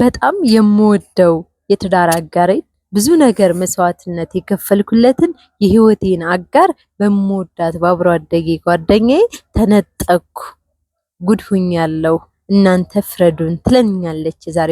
በጣም የምወደው የትዳር አጋሬ ብዙ ነገር መስዋዕትነት የከፈልኩለትን የህይወቴን አጋር በምወዳት በአብሮ አደጌ ጓደኛዬ ተነጠቅኩ። ጉድ ሁኛለሁ። እናንተ ፍረዱን ትለኛለች የዛሬ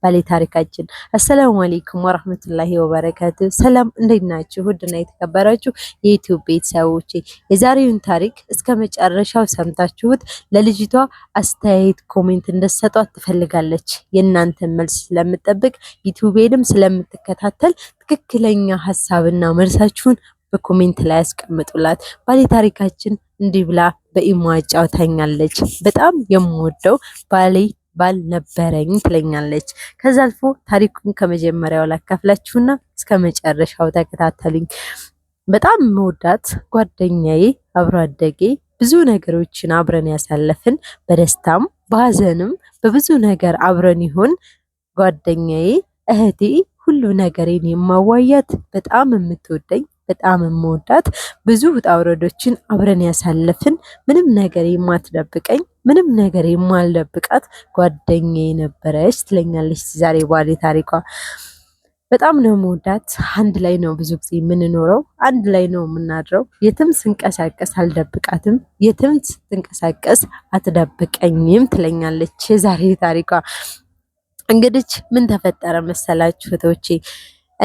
ባሌ ታሪካችን። አሰላሙ አሌይኩም ወራህመቱላሂ ወበረካቱ። ሰላም እንዴት ናችሁ? ውድና የተከበራችሁ የዩቲዩብ ቤተሰቦቼ የዛሬውን ታሪክ እስከ መጨረሻው ሰምታችሁት ለልጅቷ አስተያየት ኮሜንት እንደሰጧት ትፈልጋለች። የእናንተን መልስ ስለምጠብቅ ዩቲዩቤንም ስለምትከታተል ትክክለኛ ሀሳብና መልሳችሁን በኮሜንት ላይ ያስቀምጡላት። ባሌ ታሪካችን እንዲህ ብላ በኢሞ አጫውታኛለች። በጣም የምወደው ባሌ ባል ነበረኝ ትለኛለች። ከዛ አልፎ ታሪኩን ከመጀመሪያው ላካፍላችሁና እስከ መጨረሻው ተከታተሉኝ። በጣም መወዳት ጓደኛዬ አብሮ አደጌ ብዙ ነገሮችን አብረን ያሳለፍን በደስታም በሀዘንም በብዙ ነገር አብረን ይሆን ጓደኛዬ እህቴ ሁሉ ነገሬን የማዋያት በጣም የምትወደኝ በጣም የምወዳት ብዙ ውጣ ውረዶችን አብረን ያሳለፍን ምንም ነገር የማትደብቀኝ ምንም ነገር የማልደብቃት ጓደኛ የነበረች ትለኛለች ዛሬ ባሌ ታሪኳ። በጣም ነው የምወዳት። አንድ ላይ ነው ብዙ ጊዜ የምንኖረው፣ አንድ ላይ ነው የምናድረው። የትም ስንቀሳቀስ አልደብቃትም፣ የትም ስትንቀሳቀስ አትደብቀኝም ትለኛለች የዛሬ ታሪኳ። እንግዲች ምን ተፈጠረ መሰላችሁ ቶቼ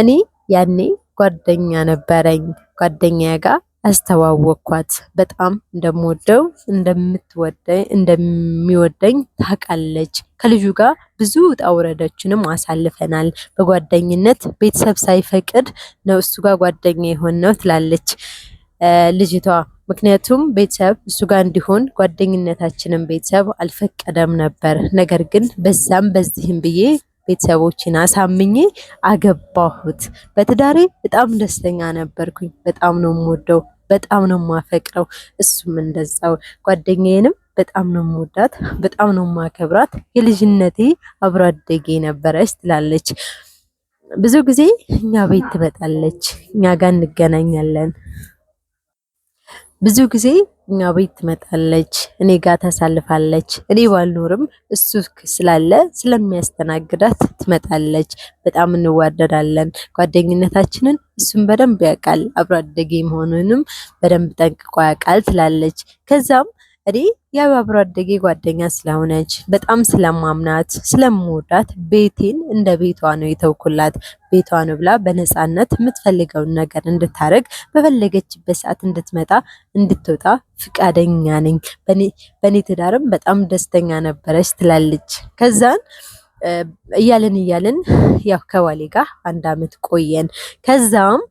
እኔ ያኔ ጓደኛ ነበረኝ። ጓደኛ ጋር አስተዋወቅኳት። በጣም እንደምወደው እንደምትወደኝ እንደሚወደኝ ታውቃለች። ከልጁ ጋር ብዙ ውጣ ውረዶችንም አሳልፈናል። በጓደኝነት ቤተሰብ ሳይፈቅድ ነው እሱ ጋር ጓደኛ የሆን ነው ትላለች ልጅቷ። ምክንያቱም ቤተሰብ እሱ ጋር እንዲሆን ጓደኝነታችንን ቤተሰብ አልፈቀደም ነበር። ነገር ግን በዛም በዚህም ብዬ ቤተሰቦችን አሳምኜ አገባሁት። በትዳሬ በጣም ደስተኛ ነበርኩኝ። በጣም ነው የምወደው፣ በጣም ነው የማፈቅረው። እሱም እንደዛው ጓደኛዬንም በጣም ነው የምወዳት፣ በጣም ነው የማከብራት። የልጅነቴ አብሮ አደጌ ነበረች ትላለች። ብዙ ጊዜ እኛ ቤት ትመጣለች፣ እኛ ጋር እንገናኛለን። ብዙ ጊዜ እኛ ቤት ትመጣለች፣ እኔ ጋር ታሳልፋለች። እኔ ባልኖርም እሱ ስላለ ስለሚያስተናግዳት ትመጣለች። በጣም እንዋደዳለን። ጓደኝነታችንን እሱም በደንብ ያውቃል፣ አብሮ አደጌ መሆኑንም በደንብ ጠንቅቆ ያውቃል ትላለች። ከዛም እኔ የአብሮ አደጌ ጓደኛ ስለሆነች በጣም ስለማምናት ስለምወዳት ቤቴን እንደ ቤቷ ነው የተውኩላት። ቤቷ ነው ብላ በነፃነት የምትፈልገውን ነገር እንድታደርግ በፈለገችበት ሰዓት እንድትመጣ እንድትወጣ ፍቃደኛ ነኝ። በእኔ ትዳርም በጣም ደስተኛ ነበረች ትላለች። ከዛን እያለን እያለን ያው ከባሌ ጋር አንድ አመት ቆየን። ከዛም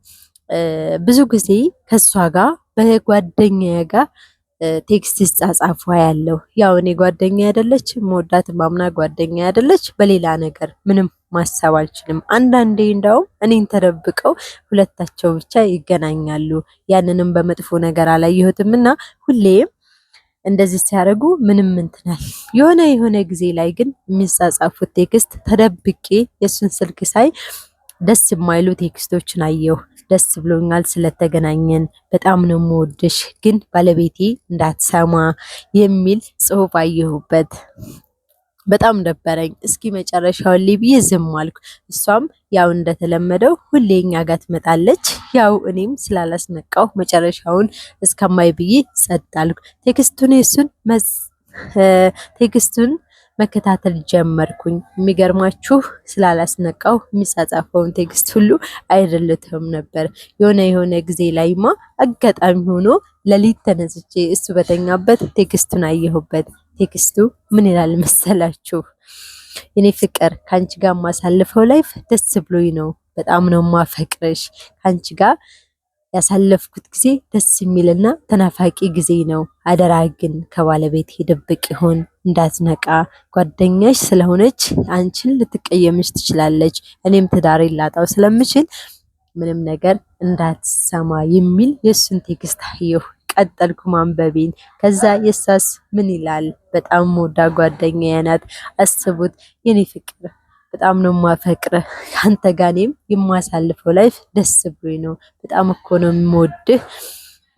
ብዙ ጊዜ ከእሷ ጋር በጓደኛ ጋር ቴክስት ስጻጻፏ ያለው ያው እኔ ጓደኛ አይደለች መወዳት ማምና ጓደኛ አይደለች። በሌላ ነገር ምንም ማሰብ አልችልም። አንዳንዴ እንዳውም እኔን ተደብቀው ሁለታቸው ብቻ ይገናኛሉ። ያንንም በመጥፎ ነገር አላየሁትም እና ሁሌም እንደዚህ ሲያደርጉ ምንም እንትናል። የሆነ የሆነ ጊዜ ላይ ግን የሚጻጻፉት ቴክስት ተደብቄ የእሱን ስልክ ሳይ ደስ የማይሉ ቴክስቶችን አየሁ። ደስ ብሎኛል ስለተገናኘን፣ በጣም ነው የምወድሽ፣ ግን ባለቤቴ እንዳትሰማ የሚል ጽሑፍ አየሁበት። በጣም ደበረኝ። እስኪ መጨረሻውን ላይ ብዬ ዝም አልኩ። እሷም ያው እንደተለመደው ሁሌ እኛ ጋር ትመጣለች። ያው እኔም ስላላስነቃው መጨረሻውን እስከማይ ብዬ ጸጥ አልኩ። ቴክስቱን የሱን ቴክስቱን መከታተል ጀመርኩኝ። የሚገርማችሁ ስላላስነቃው የሚጻጻፈውን ቴክስት ሁሉ አይደለትም ነበር። የሆነ የሆነ ጊዜ ላይማ አጋጣሚ ሆኖ ለሊት ተነስቼ እሱ በተኛበት ቴክስቱን አየሁበት። ቴክስቱ ምን ይላል መሰላችሁ? የኔ ፍቅር ከአንቺ ጋር ማሳልፈው ላይፍ ደስ ብሎኝ ነው። በጣም ነው ማፈቅርሽ ከአንቺ ጋር ያሳለፍኩት ጊዜ ደስ የሚልና ተናፋቂ ጊዜ ነው። አደራ ግን ከባለቤት የደብቅ ይሆን እንዳትነቃ። ጓደኛሽ ስለሆነች አንቺን ልትቀየምሽ ትችላለች። እኔም ትዳሬ ላጣው ስለምችል ምንም ነገር እንዳትሰማ የሚል የእሱን ቴክስት አየሁ። ቀጠልኩ ማንበቤን። ከዛ የሳስ ምን ይላል? በጣም ሞዳ ጓደኛዬ ናት። አስቡት የኔ ፍቅር በጣም ነው የማፈቅርህ ከአንተ ጋር እኔም የማሳልፈው ላይፍ ደስ ብሎኝ ነው። በጣም እኮ ነው የምወድህ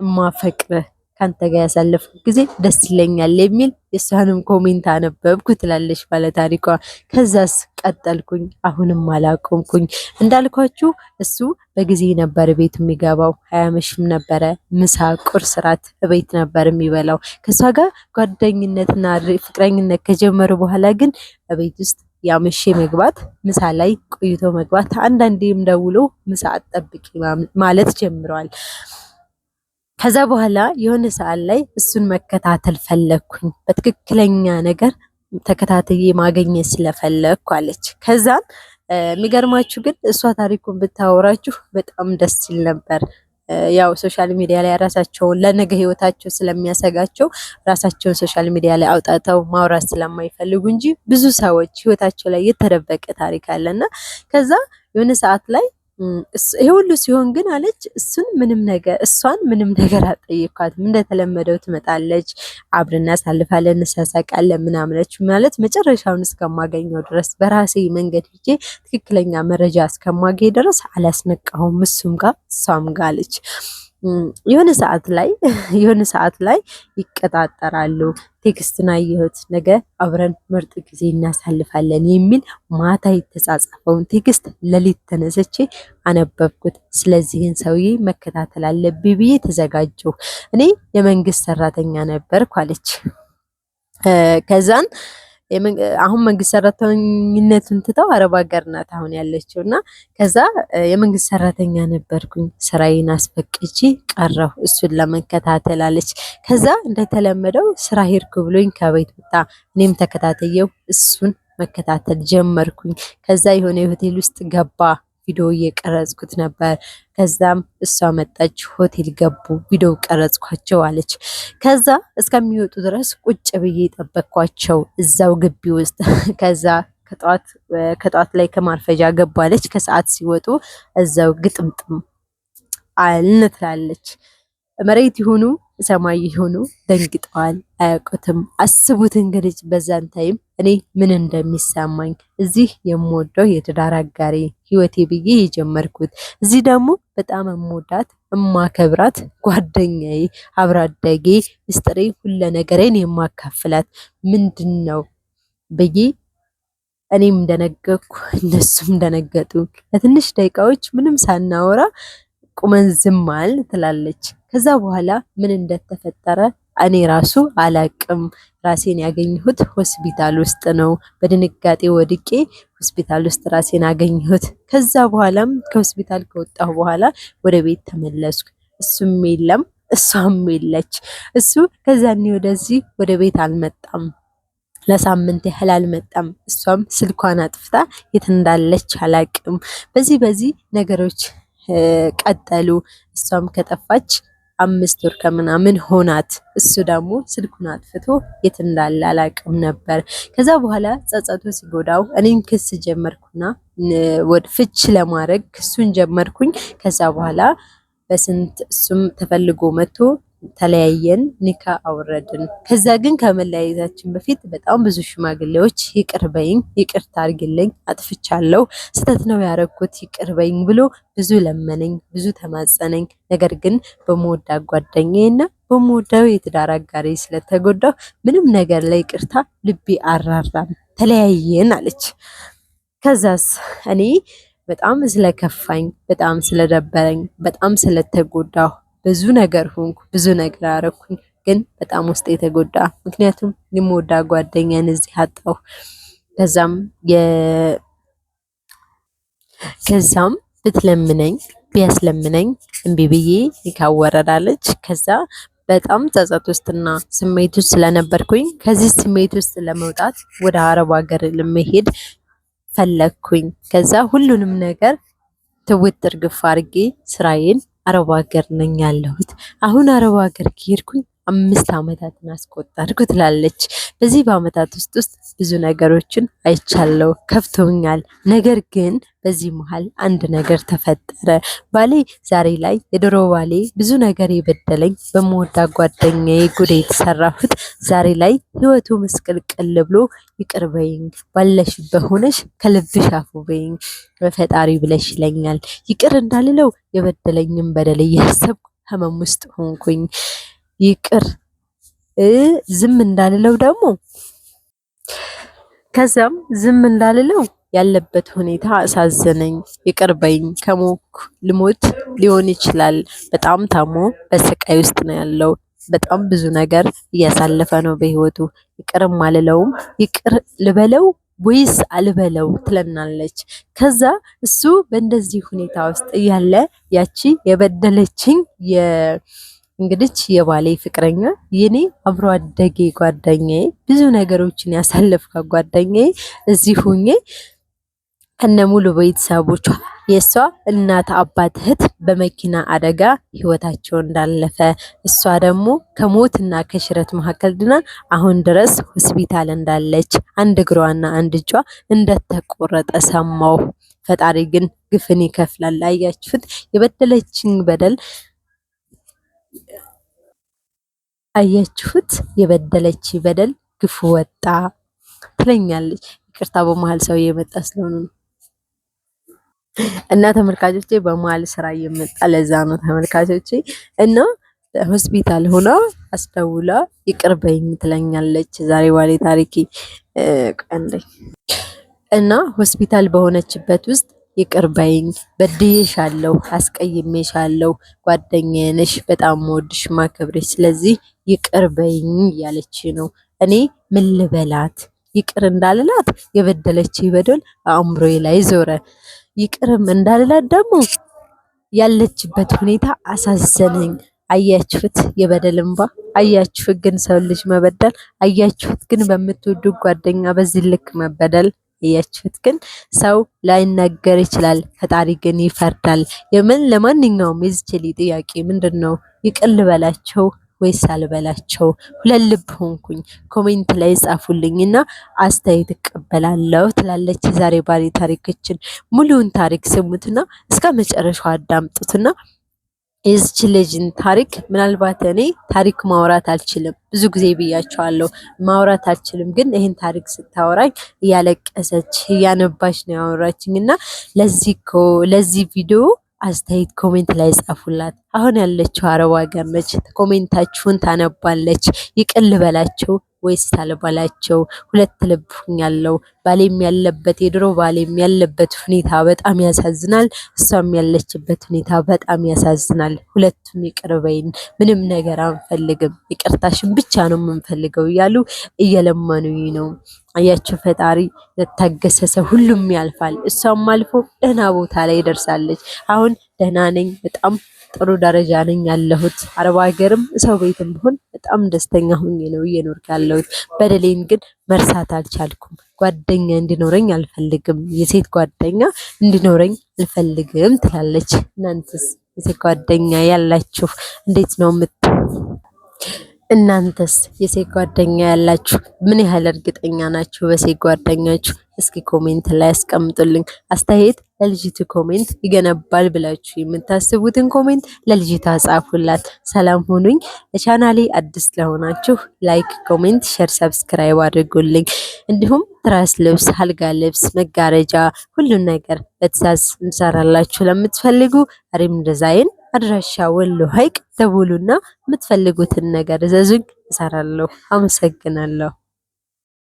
የማፈቅርህ ከአንተ ጋር ያሳለፍኩ ጊዜ ደስ ይለኛል የሚል የእሷንም ኮሜንት አነበብኩ ትላለች ባለታሪኳ። ከዛስ ቀጠልኩኝ፣ አሁንም አላቆምኩኝ። እንዳልኳችሁ እሱ በጊዜ ነበር ቤት የሚገባው፣ አያመሽም ነበረ። ምሳ ቁርስ፣ ራት ቤት ነበር የሚበላው። ከእሷ ጋር ጓደኝነትና ፍቅረኝነት ከጀመሩ በኋላ ግን በቤት ውስጥ ያመሼ መግባት፣ ምሳ ላይ ቆይቶ መግባት፣ አንዳንዴም ደውሎ ምሳ አትጠብቂ ማለት ጀምረዋል። ከዛ በኋላ የሆነ ሰዓት ላይ እሱን መከታተል ፈለግኩኝ በትክክለኛ ነገር ተከታተዬ ማገኘት ስለፈለግኩ አለች። ከዛም የሚገርማችሁ ግን እሷ ታሪኩን ብታወራችሁ በጣም ደስ ይል ነበር። ያው ሶሻል ሚዲያ ላይ ራሳቸውን ለነገ ህይወታቸው ስለሚያሰጋቸው ራሳቸውን ሶሻል ሚዲያ ላይ አውጣተው ማውራት ስለማይፈልጉ እንጂ ብዙ ሰዎች ህይወታቸው ላይ የተደበቀ ታሪክ አለና ከዛ የሆነ ሰዓት ላይ ይሄ ሁሉ ሲሆን ግን አለች እሱን ምንም ነገር እሷን ምንም ነገር አልጠየኳትም። እንደተለመደው ትመጣለች፣ አብረን እናሳልፋለን፣ እንሳሳቃለን ምናምነች ማለት መጨረሻውን እስከማገኘው ድረስ በራሴ መንገድ ሄጄ ትክክለኛ መረጃ እስከማገኝ ድረስ አላስነቃሁም እሱም ጋር እሷም ጋር አለች። የሆነ ሰዓት ላይ የሆነ ሰዓት ላይ ይቀጣጠራሉ። ቴክስትን አየሁት፣ ነገ አብረን ምርጥ ጊዜ እናሳልፋለን የሚል ማታ የተጻጻፈውን ቴክስት ለሊት ተነስቼ አነበብኩት። ስለዚህን ሰውዬ መከታተል አለብኝ ብዬ ተዘጋጀሁ። እኔ የመንግስት ሰራተኛ ነበርኩ አለች። ከዛን አሁን መንግስት ሰራተኝነትን ትተው አረብ ሀገር ናት አሁን ያለችው እና ከዛ የመንግስት ሰራተኛ ነበርኩኝ ስራዬን አስፈቅጂ ቀረሁ እሱን ለመከታተል አለች። ከዛ እንደተለመደው ስራ ሄድኩ ብሎኝ ከቤት ወጣ። እኔም ተከታተየው እሱን መከታተል ጀመርኩኝ። ከዛ የሆነ የሆቴል ውስጥ ገባ ቪዲዮ እየቀረጽኩት ነበር። ከዛም እሷ መጣች፣ ሆቴል ገቡ፣ ቪዲዮ ቀረጽኳቸው አለች። ከዛ እስከሚወጡ ድረስ ቁጭ ብዬ ጠበቅኳቸው እዛው ግቢ ውስጥ። ከዛ ከጠዋት ላይ ከማርፈጃ ገቡ አለች። ከሰዓት ሲወጡ እዛው ግጥምጥም አልንትላለች። መሬት ይሁኑ ሰማይ ይሁኑ ደንግጠዋል፣ አያውቁትም። አስቡት እንግዲህ በዛን ታይም እኔ ምን እንደሚሰማኝ እዚህ የምወደው የትዳር አጋሪ ህይወቴ ብዬ የጀመርኩት እዚህ ደግሞ በጣም የምወዳት እማከብራት ጓደኛዬ፣ አብራዳጌ አደጌ፣ ምስጢሬ፣ ሁለ ነገሬን የማካፍላት ምንድን ነው ብዬ እኔም እንደነገኩ እነሱም እንደነገጡ ለትንሽ ደቂቃዎች ምንም ሳናወራ ቁመን ዝም አል ትላለች። ከዛ በኋላ ምን እንደተፈጠረ እኔ ራሱ አላቅም። ራሴን ያገኘሁት ሆስፒታል ውስጥ ነው። በድንጋጤ ወድቄ ሆስፒታል ውስጥ ራሴን አገኘሁት። ከዛ በኋላም ከሆስፒታል ከወጣሁ በኋላ ወደ ቤት ተመለስኩ። እሱም የለም እሷም የለች። እሱ ከዛኒ ወደዚህ ወደ ቤት አልመጣም። ለሳምንት ያህል አልመጣም። እሷም ስልኳን አጥፍታ የት እንዳለች አላቅም። በዚህ በዚህ ነገሮች ቀጠሉ። እሷም ከጠፋች አምስት ወር ከምናምን ሆናት። እሱ ደግሞ ስልኩን አጥፍቶ የት እንዳለ አላቅም ነበር። ከዛ በኋላ ጸጸቱ ሲጎዳው እኔን ክስ ጀመርኩና ወደ ፍች ለማድረግ ክሱን ጀመርኩኝ። ከዛ በኋላ በስንት እሱም ተፈልጎ መጥቶ ተለያየን፣ ኒካ አውረድን። ከዛ ግን ከመለያየታችን በፊት በጣም ብዙ ሽማግሌዎች ይቅር በይኝ፣ ይቅርታ አጥፍቻ አጥፍቻለሁ፣ ስህተት ነው ያደረኩት፣ ይቅር በይኝ ብሎ ብዙ ለመነኝ፣ ብዙ ተማጸነኝ። ነገር ግን በመወዳ ጓደኛዬና በመወዳው የትዳር አጋሪ ስለተጎዳው ምንም ነገር ላይ ይቅርታ ልቤ አራራም፣ ተለያየን አለች። ከዛስ እኔ በጣም ስለከፋኝ፣ በጣም ስለደበረኝ፣ በጣም ስለተጎዳሁ ብዙ ነገር ሆንኩ፣ ብዙ ነገር አረኩኝ። ግን በጣም ውስጥ የተጎዳ ምክንያቱም የምወዳ ጓደኛን እዚህ አጣሁ። ከዛም ከዛም ብትለምነኝ ቢያስለምነኝ እምቢ ብዬ ይካወረዳለች። ከዛ በጣም ጸጸት ውስጥና ስሜት ውስጥ ስለነበርኩኝ ከዚህ ስሜት ውስጥ ለመውጣት ወደ አረብ ሀገር ለመሄድ ፈለግኩኝ። ከዛ ሁሉንም ነገር ትውት እርግፍ አድርጌ ስራዬን አረብ ሀገር ነኝ ያለሁት። አሁን አረብ ሀገር ከሄድኩኝ አምስት ዓመታትን አስቆጠርኩ ትላለች። በዚህ በዓመታት ውስጥ ውስጥ ብዙ ነገሮችን አይቻለው ከፍቶኛል። ነገር ግን በዚህ መሀል አንድ ነገር ተፈጠረ። ባሌ ዛሬ ላይ የድሮ ባሌ ብዙ ነገር የበደለኝ በመወዳ ጓደኛዬ ጉዴ የተሰራሁት ዛሬ ላይ ህይወቱ ምስቅልቅል ብሎ ይቅር በይኝ፣ ባለሽበት ሆነሽ ከልብሽ አፉ በይኝ፣ በፈጣሪ ብለሽ ይለኛል። ይቅር እንዳልለው የበደለኝም በደል እያሰብኩ ህመም ውስጥ ሆንኩኝ። ይቅር ዝም እንዳልለው ደግሞ ከዛም ዝም እንዳልለው ያለበት ሁኔታ አሳዘነኝ፣ ይቅር በይኝ፣ ከሞክ ልሞት ሊሆን ይችላል። በጣም ታሞ በስቃይ ውስጥ ነው ያለው። በጣም ብዙ ነገር እያሳለፈ ነው በህይወቱ። ይቅርም አልለውም፣ ይቅር ልበለው ወይስ አልበለው ትለናለች። ከዛ እሱ በእንደዚህ ሁኔታ ውስጥ እያለ ያቺ የበደለችኝ እንግዲች የባሌ ፍቅረኛ የኔ አብሮ አደጌ ጓደኛዬ ብዙ ነገሮችን ያሳለፍካ ጓደኛዬ እዚህ ሁኜ እነ ሙሉ ቤተሰቦቿ የእሷ እናት አባት እህት በመኪና አደጋ ህይወታቸው እንዳለፈ እሷ ደግሞ ከሞትና ከሽረት መካከል ድና አሁን ድረስ ሆስፒታል እንዳለች አንድ እግሯና አንድ እጇ እንደተቆረጠ ሰማው ፈጣሪ ግን ግፍን ይከፍላል። አያችሁት? የበደለችን በደል አያችሁት? የበደለች በደል ግፉ ወጣ ትለኛለች። ይቅርታ በመሀል ሰው የመጣ ስለሆነ ነው። እና ተመልካቾቼ በመሀል ስራ እየመጣ ለዛ ነው ተመልካቾቼ። እና ሆስፒታል ሆና አስደውላ ይቅር በይኝ ትለኛለች። ዛሬ ባሌ ታሪኬ ቀንደኝ እና ሆስፒታል በሆነችበት ውስጥ ይቅርበኝ በይኝ፣ በድዬሻለሁ፣ አስቀይሜሻለሁ፣ ጓደኛዬ ነሽ፣ በጣም መወድሽ ማከብሬሽ፣ ስለዚህ ይቅር እያለች ነው። እኔ ምን ልበላት? ይቅር እንዳልላት የበደለች በደል አእምሮዬ ላይ ዞረ። ይቅርም እንዳልላት ደግሞ ያለችበት ሁኔታ አሳዘነኝ። አያችሁት? የበደል እንባ አያችሁት? ግን ሰው ልጅ መበደል አያችሁት? ግን በምትወዱ ጓደኛ በዚህ ልክ መበደል እያችሁት ግን ሰው ላይነገር ይችላል፣ ፈጣሪ ግን ይፈርዳል። የምን ለማንኛውም የዝችሊ ጥያቄ ምንድን ነው? ይቅር ልበላቸው ወይስ አልበላቸው? ሁለት ልብ ሆንኩኝ። ኮሜንት ላይ እና አስተያየት እቀበላለሁ ትላለች የዛሬ ባሌ ታሪክችን። ሙሉውን ታሪክ ስሙትና እስከ መጨረሻው አዳምጡትና የዚች ልጅን ታሪክ ምናልባት እኔ ታሪክ ማውራት አልችልም። ብዙ ጊዜ ብያቸዋለሁ ማውራት አልችልም፣ ግን ይህን ታሪክ ስታወራኝ እያለቀሰች እያነባች ነው ያወራችኝ እና ለዚህ ለዚህ ቪዲዮ አስተያየት ኮሜንት ላይ ጻፉላት። አሁን ያለችው አረብ ሀገር ነች። ኮሜንታችሁን ታነባለች። ይቅል ልበላችሁ። ወይስ ታለባላቸው ሁለት ልብ ሁኛለው። ባሌም ያለበት የድሮ ባሌም ያለበት ሁኔታ በጣም ያሳዝናል። እሷም ያለችበት ሁኔታ በጣም ያሳዝናል። ሁለቱም ይቅርበይን፣ ምንም ነገር አንፈልግም፣ ይቅርታሽን ብቻ ነው የምንፈልገው እያሉ እየለመኑኝ ነው። አያቸው ፈጣሪ ለታገሰሰ ሰው ሁሉም ያልፋል። እሷም አልፎ ደህና ቦታ ላይ ደርሳለች። አሁን ደህና ነኝ፣ በጣም ጥሩ ደረጃ ነኝ ያለሁት። አረብ ሀገርም ሰው ቤትም ቢሆን በጣም ደስተኛ ሁኜ ነው እየኖርኩ ያለሁት። በደሌን ግን መርሳት አልቻልኩም። ጓደኛ እንዲኖረኝ አልፈልግም። የሴት ጓደኛ እንዲኖረኝ አልፈልግም ትላለች። እናንተስ የሴት ጓደኛ ያላችሁ እንዴት ነው የምት እናንተስ የሴት ጓደኛ ያላችሁ ምን ያህል እርግጠኛ ናችሁ በሴት ጓደኛችሁ? እስኪ ኮሜንት ላይ ያስቀምጡልኝ። አስተያየት ለልጅቱ ኮሜንት ይገነባል ብላችሁ የምታስቡትን ኮሜንት ለልጅቷ ጻፉላት። ሰላም ሁኑኝ። ለቻናሌ አዲስ ለሆናችሁ ላይክ፣ ኮሜንት፣ ሸር ሰብስክራይብ አድርጉልኝ። እንዲሁም ትራስ ልብስ፣ አልጋ ልብስ፣ መጋረጃ ሁሉን ነገር በትዕዛዝ እንሰራላችሁ ለምትፈልጉ አሪም ዲዛይን አድራሻ ወሎ ሀይቅ ደውሉና የምትፈልጉትን ነገር እዘዙኝ፣ እሰራለሁ። አመሰግናለሁ።